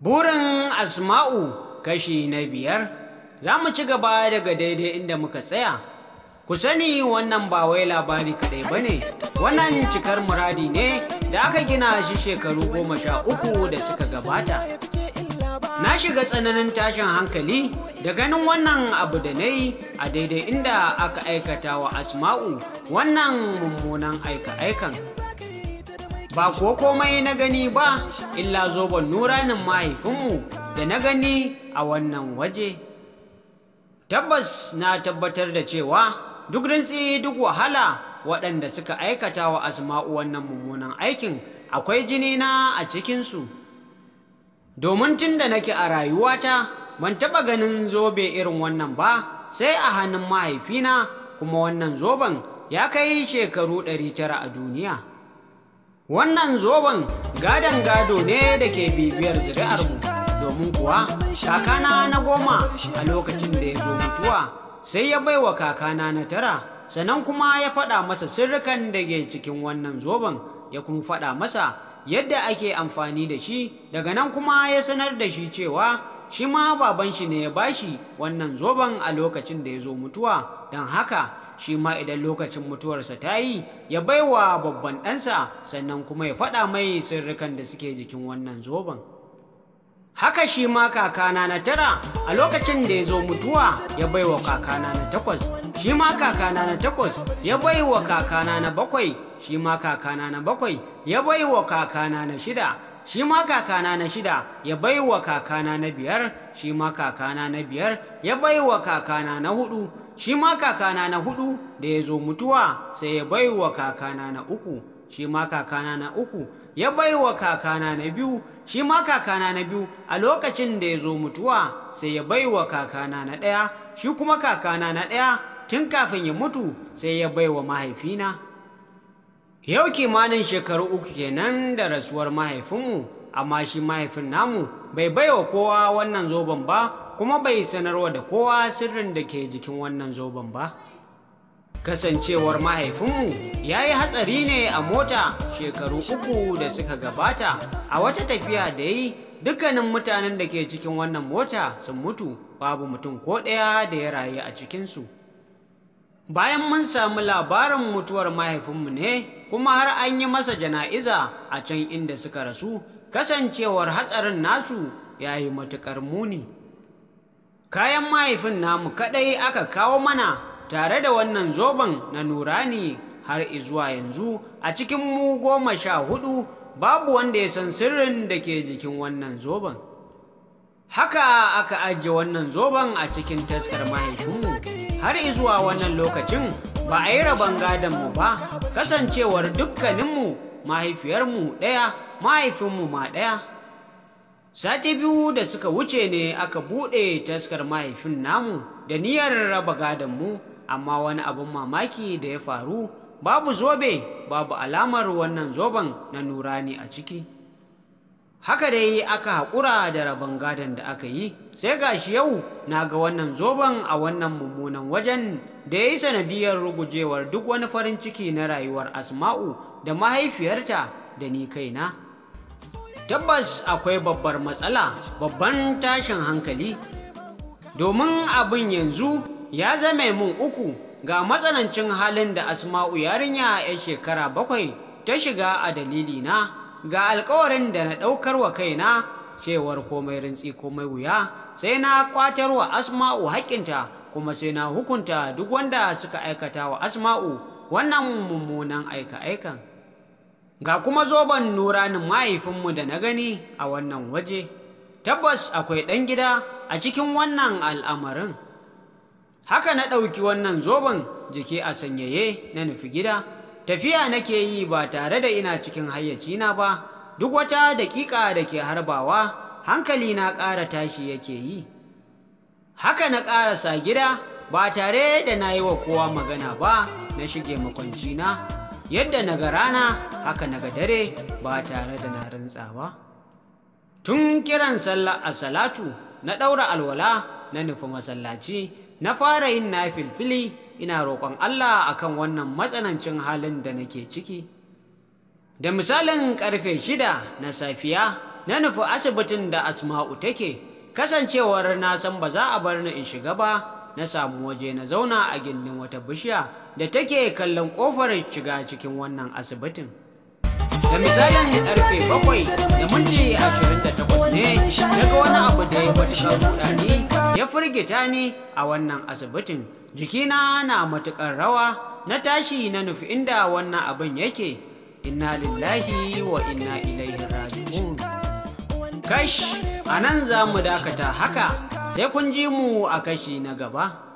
Burin Asma'u kashi na biyar za mu ci gaba daga daidai inda muka tsaya. Ku sani wannan ba wai labari kaɗai ba ne, wannan cikar muradi ne da aka gina shi shekaru goma sha uku da suka gabata. Na shiga tsananin tashin hankali da ganin wannan abu da na yi a daidai inda aka aikata wa Asma'u wannan mummunan aika-aikan. ba ko komai na gani ba illa zoben nuranin mahaifinmu da na gani a wannan waje tabbas na tabbatar da cewa duk rintsi duk wahala waɗanda suka aikata wa asma'u wannan mummunan aikin akwai jini na a cikinsu domin tun da nake a rayuwata ban taɓa ganin zobe irin wannan ba sai a hannun mahaifina kuma wannan zoben ya kai shekaru ɗari tara a duniya Wannan zoben gadon gado ne da ke bibiyar zuri'armu domin kuwa shakana na goma a lokacin da ya zo mutuwa sai ya baiwa kakana na tara sannan kuma ya faɗa masa sirrikan da ke cikin wannan zoben ya kuma faɗa masa yadda ake amfani da shi daga nan kuma ya sanar da shi cewa shi ma baban shi ne ya bashi wannan zoben a lokacin da ya zo mutuwa don haka shi ma idan lokacin mutuwarsa ta yi ya baiwa babban ɗansa sannan kuma ya faɗa mai sirrikan da suke jikin wannan zoben haka shi ma kakana na tara a lokacin da ya zo mutuwa ya baiwa kakana na takwas shi ma kakana na takwas ya baiwa kakana na bakwai shi ma kakana na bakwai ya baiwa kakana na shida shi ma kakana na shida ya baiwa kakana na biyar shi ma kakana na biyar ya baiwa kakana na hudu shi ma kakana na hudu da ya zo mutuwa sai ya baiwa kakana na uku shi ma kakana na uku ya baiwa kakana na biyu shi ma kakana na biyu a lokacin da ya zo mutuwa sai ya baiwa kakana na ɗaya shi kuma kakana na ɗaya tun kafin ya mutu sai ya baiwa mahaifina Yau kimanin shekaru uku kenan da rasuwar mahaifinmu, amma shi mahaifin namu bai baiwa kowa wannan zoben ba, kuma bai sanarwa da kowa sirrin da ke jikin wannan zoben ba. Kasancewar mahaifinmu ya yi hatsari ne a mota shekaru uku da suka gabata, a wata tafiya da yi dukkanin mutanen da ke cikin wannan mota sun mutu, babu mutum ko ɗaya da ya rayu a cikinsu. Bayan mun samu labarin mutuwar mahaifinmu ne, kuma har an yi masa jana'iza a can inda suka rasu kasancewar hatsarin nasu ya yi matuƙar muni kayan mahaifin namu kaɗai aka kawo mana tare da wannan zoben na nurani har izuwa yanzu a cikin mu goma sha hudu babu wanda ya san sirrin da ke jikin wannan zoben haka aka ajiye wannan zoben a cikin taskar mahaifinmu har izuwa wannan lokacin ba a yi rabon gadonmu ba kasancewar dukkaninmu mahaifiyarmu ɗaya mahaifinmu ma ɗaya sati biyu da suka wuce ne aka buɗe taskar mahaifin namu da niyyar raba gadonmu amma wani abin mamaki da ya faru babu zobe babu alamar wannan zoben na nurani a ciki haka dai aka haƙura da rabon gadon da aka yi sai gashi yau na ga wannan zoben a wannan mummunan wajen da ya yi sanadiyar rugujewar duk wani farin ciki na rayuwar asma'u da mahaifiyarta da ni kaina tabbas akwai babbar matsala babban tashin hankali domin abin yanzu ya zame mun uku ga matsanancin halin da asma'u yarinya ya shekara bakwai ta shiga a dalili na. ga alkawarin da na ɗaukar wa kaina cewar komai rintsi komai wuya sai na kwatar wa asma'u haƙƙinta kuma sai na hukunta duk wanda suka aikata wa asma'u wannan mummunan aika-aikan ga kuma zoben nuranin mahaifinmu da na gani a wannan waje tabbas akwai ɗan gida a cikin wannan al'amarin haka na ɗauki wannan zoben jiki a sanyaye na nufi gida tafiya nake yi ba tare da ina cikin hayyacina ba duk wata daƙiƙa da ke harbawa hankali na ƙara tashi yake yi haka na ƙara sa gida ba tare da na yi wa kowa magana ba na shige makwancina yadda na ga rana haka na ga dare ba tare da na rantsa ba tun kiran a salatu na ɗaura alwala na nufi masallaci na fara yin na filfili ina roƙon Allah akan wannan matsanancin halin da nake ciki da misalin ƙarfe shida na safiya na nufi asibitin da asma'u take kasancewar na san ba za a bar ni in shiga ba na samu waje na zauna a gindin wata bishiya da take kallon ƙofar shiga cikin wannan asibitin da misalin ƙarfe bakwai da minti ashirin da takwas ne daga wani abu da ya faɗi ya firgita ni a wannan asibitin jikina na matuƙar rawa na tashi na nufi inda wannan abin yake inna lillahi wa inna ilaihi raji'un kash a nan za mu dakata haka sai kun ji mu a kashi na gaba